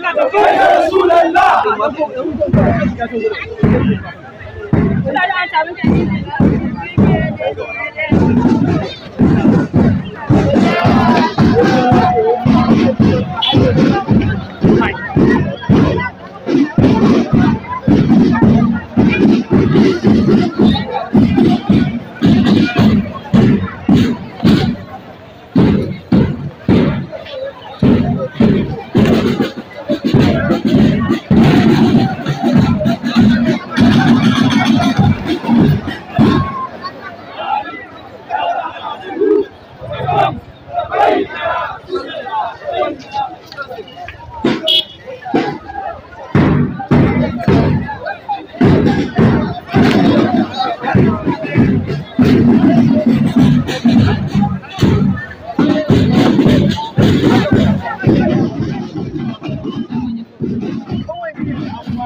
يا رسول الله Thank you.